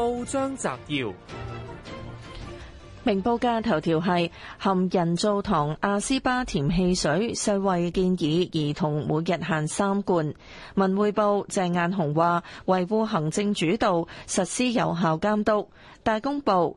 報章摘要：明報嘅頭條係含人造糖阿斯巴甜汽水，世衛建議兒童每日限三罐。文匯報鄭雁雄話：維護行政主導，實施有效監督。大公報。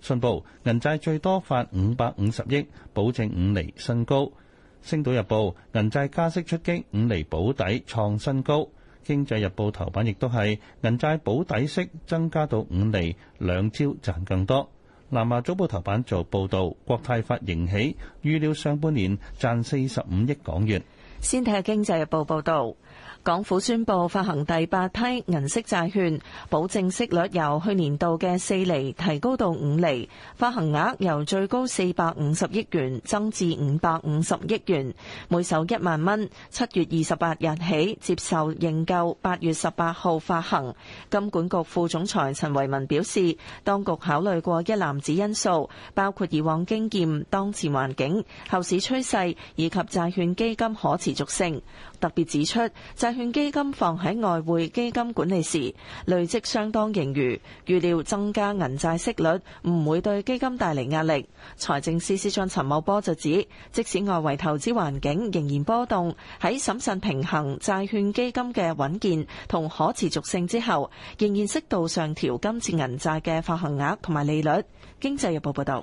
信報銀債最多發五百五十億，保證五厘新高。星島日報銀債加息出擊，五厘保底創新高。經濟日報頭版亦都係銀債保底息增加到五厘，兩招賺更多。南華早報頭版做報導，國泰發盈起預料上半年賺四十五億港元。先睇下經濟日報報導。港府宣布發行第八批銀色債券，保證息率由去年度嘅四厘提高到五厘，發行額由最高四百五十億元增至五百五十億元，每手一萬蚊。七月二十八日起接受認購，八月十八號發行。金管局副總裁陳維文表示，當局考慮過一籃子因素，包括以往經驗、當前環境、後市趨勢以及債券基金可持續性。特別指出債。券基金放喺外匯基金管理時，累積相當盈餘。預料增加銀債息率唔會對基金帶嚟壓力。財政司司長陳茂波就指，即使外圍投資環境仍然波動，喺審慎平衡債券基金嘅穩健同可持續性之後，仍然適度上調今次銀債嘅發行額同埋利率。經濟日報報道。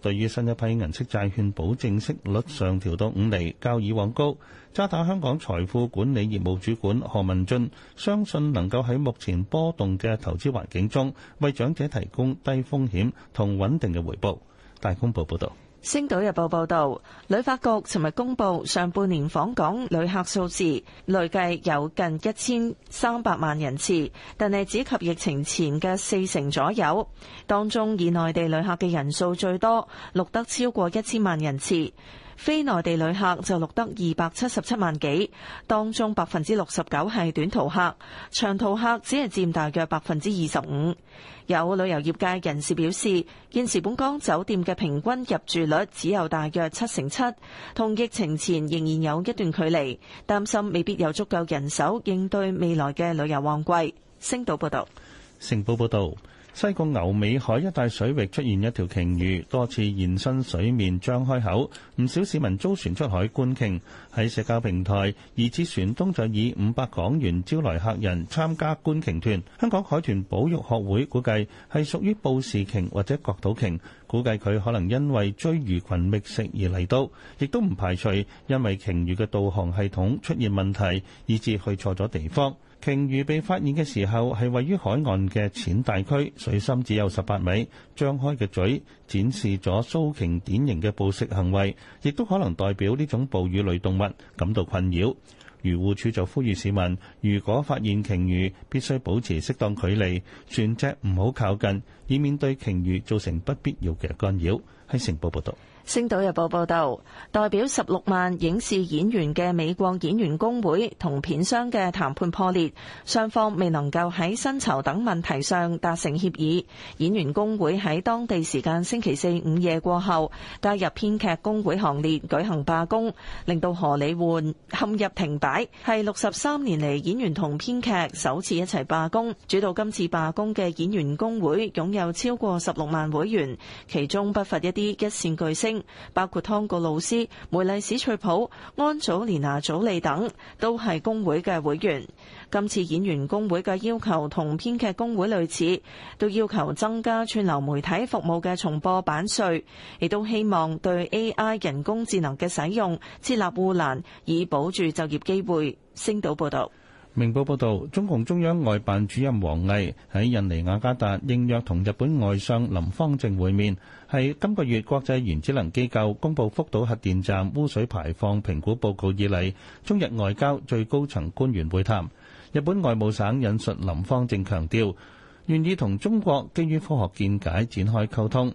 對於新一批銀色債券保證息率上調到五厘，較以往高。渣打香港財富管理業務主管何文俊相信能夠喺目前波動嘅投資環境中，為長者提供低風險同穩定嘅回報。大公報報道。星島日報報道，旅發局尋日公布上半年訪港旅客數字，累計有近一千三百萬人次，但係只及疫情前嘅四成左右。當中以內地旅客嘅人數最多，錄得超過一千萬人次。非內地旅客就錄得二百七十七萬幾，當中百分之六十九係短途客，長途客只係佔大約百分之二十五。有旅遊業界人士表示，現時本港酒店嘅平均入住率只有大約七成七，同疫情前仍然有一段距離，擔心未必有足夠人手應對未來嘅旅遊旺季。星島報道，成報報導。西貢牛尾海一帶水域出現一條鯨魚，多次現身水面張開口，唔少市民租船出海觀鯨。喺社交平台，疑似船東就以五百港元招來客人參加觀鯨團。香港海豚保育學會估計係屬於布氏鯨或者角島鯨，估計佢可能因為追魚群覓食而嚟到，亦都唔排除因為鯨魚嘅導航系統出現問題，以致去錯咗地方。鯨魚被發現嘅時候係位於海岸嘅淺大區，水深只有十八米，張開嘅嘴展示咗鬚鯨典型嘅捕食行為，亦都可能代表呢種哺乳類動物感到困擾。漁護署就呼籲市民，如果發現鯨魚，必須保持適當距離，船隻唔好靠近，以免對鯨魚造成不必要嘅干擾。喺《成報》報道。星島日報報道，代表十六萬影視演員嘅美國演員工會同片商嘅談判破裂，雙方未能夠喺薪酬等問題上達成協議。演員工會喺當地時間星期四午夜過後加入編劇工會行列，舉行罷工，令到荷里活陷入停擺，係六十三年嚟演員同編劇首次一齊罷工。主導今次罷工嘅演員工會擁有超過十六萬會員，其中不乏一啲一線巨星。包括湯告老師、梅麗史翠普、安祖蓮娜祖莉等，都係工會嘅會員。今次演員工會嘅要求同編劇工會類似，都要求增加串流媒體服務嘅重播版稅，亦都希望對 AI 人工智能嘅使用設立護欄，以保住就業機會。星島報道。明報報導，中共中央外辦主任王毅喺印尼雅加達應約同日本外相林芳正會面，係今個月國際原子能機構公布福島核電站污水排放評估報告以嚟，中日外交最高層官員會談。日本外務省引述林芳正強調，願意同中國基於科學見解展開溝通。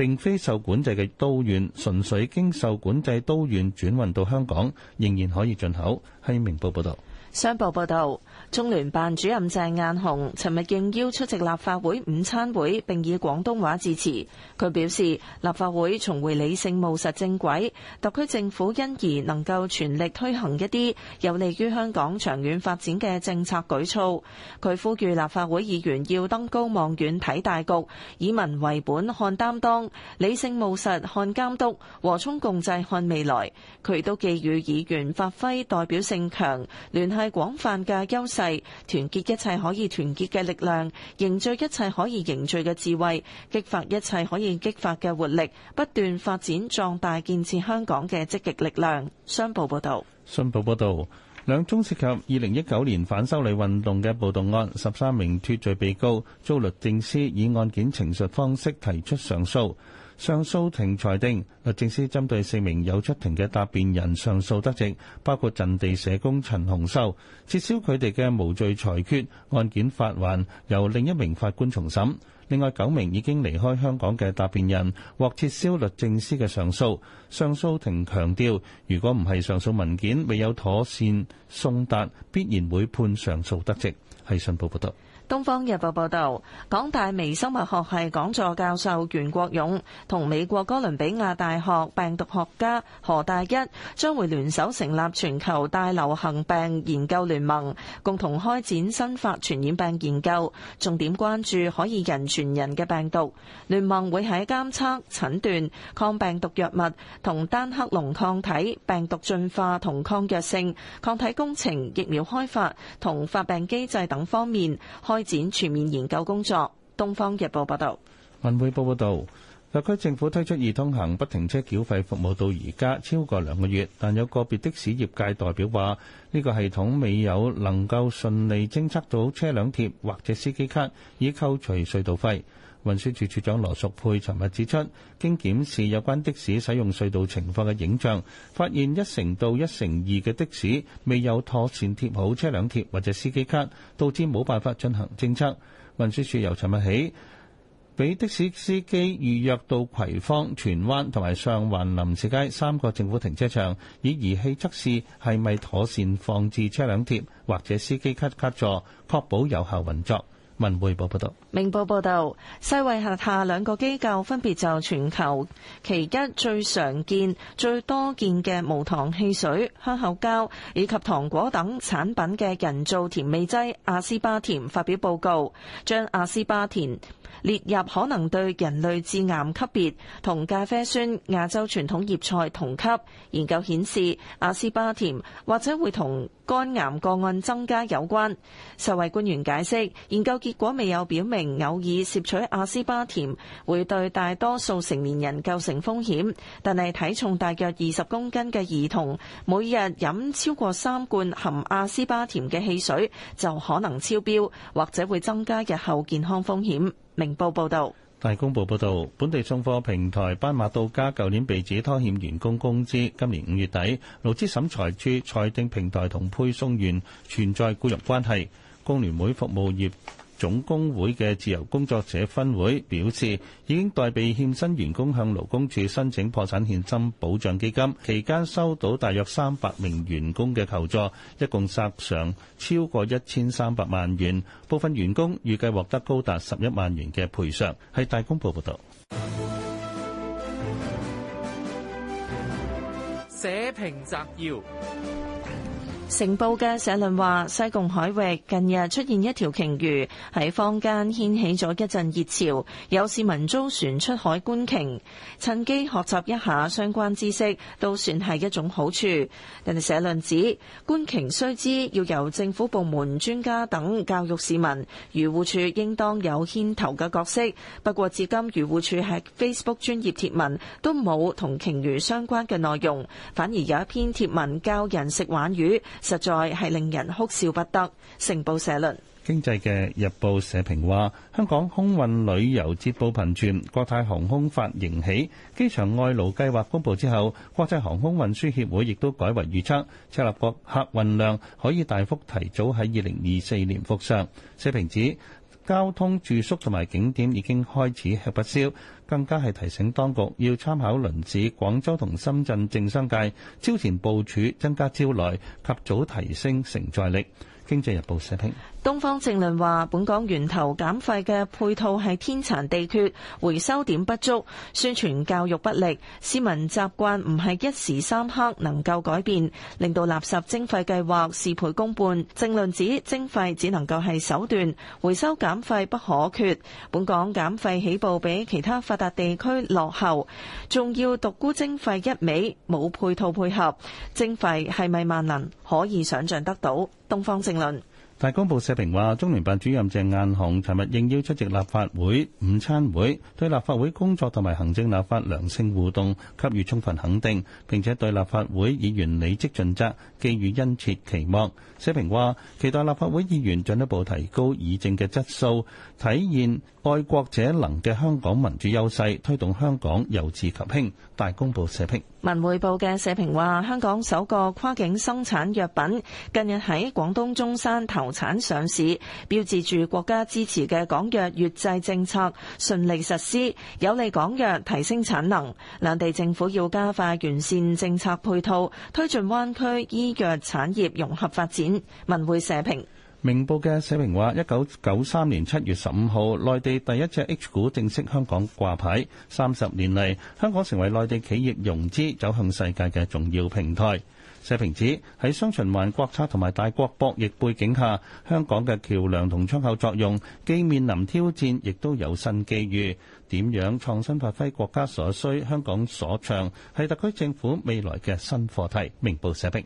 並非受管制嘅刀丸，純粹經受管制刀丸轉運到香港，仍然可以進口。係明報報道。商報報道，中聯辦主任鄭雁雄尋日應邀出席立法會午餐會，並以廣東話致辭。佢表示，立法會重回理性務實正軌，特區政府因而能夠全力推行一啲有利於香港長遠發展嘅政策舉措。佢呼籲立法會議員要登高望遠睇大局，以民為本看擔當，理性務實看監督，和衷共濟看未來。佢都寄語議員發揮代表性強，聯合，繫廣泛嘅優勢，團結一切可以團結嘅力量，凝聚一切可以凝聚嘅智慧，激發一切可以激發嘅活力，不斷發展壯大，建設香港嘅積極力量。商報報道。信報報道，兩宗涉及二零一九年反修例運動嘅暴動案，十三名脫罪被告遭律政司以案件呈述方式提出上訴。上訴庭裁定律政司針對四名有出庭嘅答辯人上訴得直，包括陣地社工陳虹秀，撤銷佢哋嘅無罪裁決，案件發還由另一名法官重審。另外九名已經離開香港嘅答辯人獲撤銷律政司嘅上訴。上訴庭強調，如果唔係上訴文件未有妥善送達，必然會判上訴得直。係信報報道。《東方日報》報導，港大微生物學系講座教授袁國勇同美國哥倫比亞大學病毒學家何大一將會聯手成立全球大流行病研究聯盟，共同開展新發傳染病研究，重點關注可以人傳人嘅病毒。聯盟會喺監測、診斷、抗病毒藥物同單克隆抗體、病毒進化同抗藥性、抗體工程、疫苗開發同發病機制等方面開展全面研究工作。東方日報報道，文匯報報道，特區政府推出易通行不停車繳費服務到而家超過兩個月，但有個別的士業界代表話，呢、這個系統未有能夠順利偵測到車輛貼或者司機卡，以扣除隧道費。運輸署，署署長羅淑佩尋日指出，經檢視有關的士使用隧道情況嘅影像，發現一成到一成二嘅的，的士未有妥善貼好車輛貼或者司機卡，導致冇辦法進行政策。運輸署由尋日起，俾的士司機預約到葵芳、荃灣同埋上環林士街三個政府停車場，以儀器測試係咪妥善放置車輛貼或者司機卡卡座，確保有效運作。文匯報報道，明報報道，世衛轄下兩個機構分別就全球其一最常見、最多見嘅無糖汽水、香口膠以及糖果等產品嘅人造甜味劑阿斯巴甜發表報告，將阿斯巴甜列入可能對人類致癌級別，同咖啡酸亞洲傳統葉菜同級。研究顯示，阿斯巴甜或者會同肝癌個案增加有關。世衛官員解釋，研究結果未有表明偶爾攝取阿斯巴甜會對大多數成年人構成風險，但係體重大約二十公斤嘅兒童，每日飲超過三罐含阿斯巴甜嘅汽水就可能超標，或者會增加日後健康風險。明報報道：大公報報道，本地送貨平台斑馬到家舊年被指拖欠員工工資，今年五月底勞資審裁處裁定平台同配送員存在僱傭關係，工聯會服務業總工會嘅自由工作者分會表示，已經代被欠薪員工向勞工處申請破產欠薪保障基金，期間收到大約三百名員工嘅求助，一共索償超過一千三百萬元，部分員工預計獲得高達十一萬元嘅賠償。係大公報報道。社評摘要。成報嘅社論話，西貢海域近日出現一條鯨魚，喺坊間掀起咗一陣熱潮，有市民租船出海觀鯨，趁機學習一下相關知識，都算係一種好處。但係社論指，觀鯨須知要由政府部門、專家等教育市民，漁護處應當有牽頭嘅角色。不過至今，漁護處喺 Facebook 專業貼文都冇同鯨魚相關嘅內容，反而有一篇貼文教人食玩魚。實在係令人哭笑不得，成報社論，《經濟嘅日報》社評話：香港空運旅遊捷報頻傳，國泰航空發盈喜，機場外勞計劃公佈之後，國際航空運輸協會亦都改為預測，赤鱲角客運量可以大幅提早喺二零二四年復上。社評指，交通、住宿同埋景點已經開始吃不消，更加係提醒當局要參考鄰市廣州同深圳政商界，超前部署，增加招來及早提升承載力。經濟日報社評。東方正論話：本港源頭減廢嘅配套係天殘地缺，回收點不足，宣傳教育不力，市民習慣唔係一時三刻能夠改變，令到垃圾徵費計劃事倍功半。正論指徵費只能夠係手段，回收減廢不可缺。本港減廢起步比其他發達地區落後，仲要獨沽徵費一味冇配套配合，徵費係咪萬能？可以想象得到。東方正論。大公報社評話，中聯辦主任鄭雁雄尋日應邀出席立法會午餐會，對立法會工作同埋行政立法良性互動給予充分肯定，並且對立法會議員履職盡責寄予殷切期望。社評話，期待立法會議員進一步提高議政嘅質素，體現愛國者能嘅香港民主優勢，推動香港由治及興。大公報社評。文匯報嘅社評話，香港首個跨境生產藥品近日喺廣東中山投。產上市，標誌住國家支持嘅港藥粵製政策順利實施，有利港藥提升產能。兩地政府要加快完善政策配套，推進灣區醫藥產業融合發展。文匯社評，明報嘅社評話：一九九三年七月十五號，內地第一隻 H 股正式香港掛牌，三十年嚟，香港成為內地企業融資走向世界嘅重要平台。社評指喺雙循環國策同埋大國博弈背景下，香港嘅橋梁同窗口作用既面臨挑戰，亦都有新機遇。點樣創新發揮國家所需、香港所長，係特區政府未來嘅新課題。明報社評。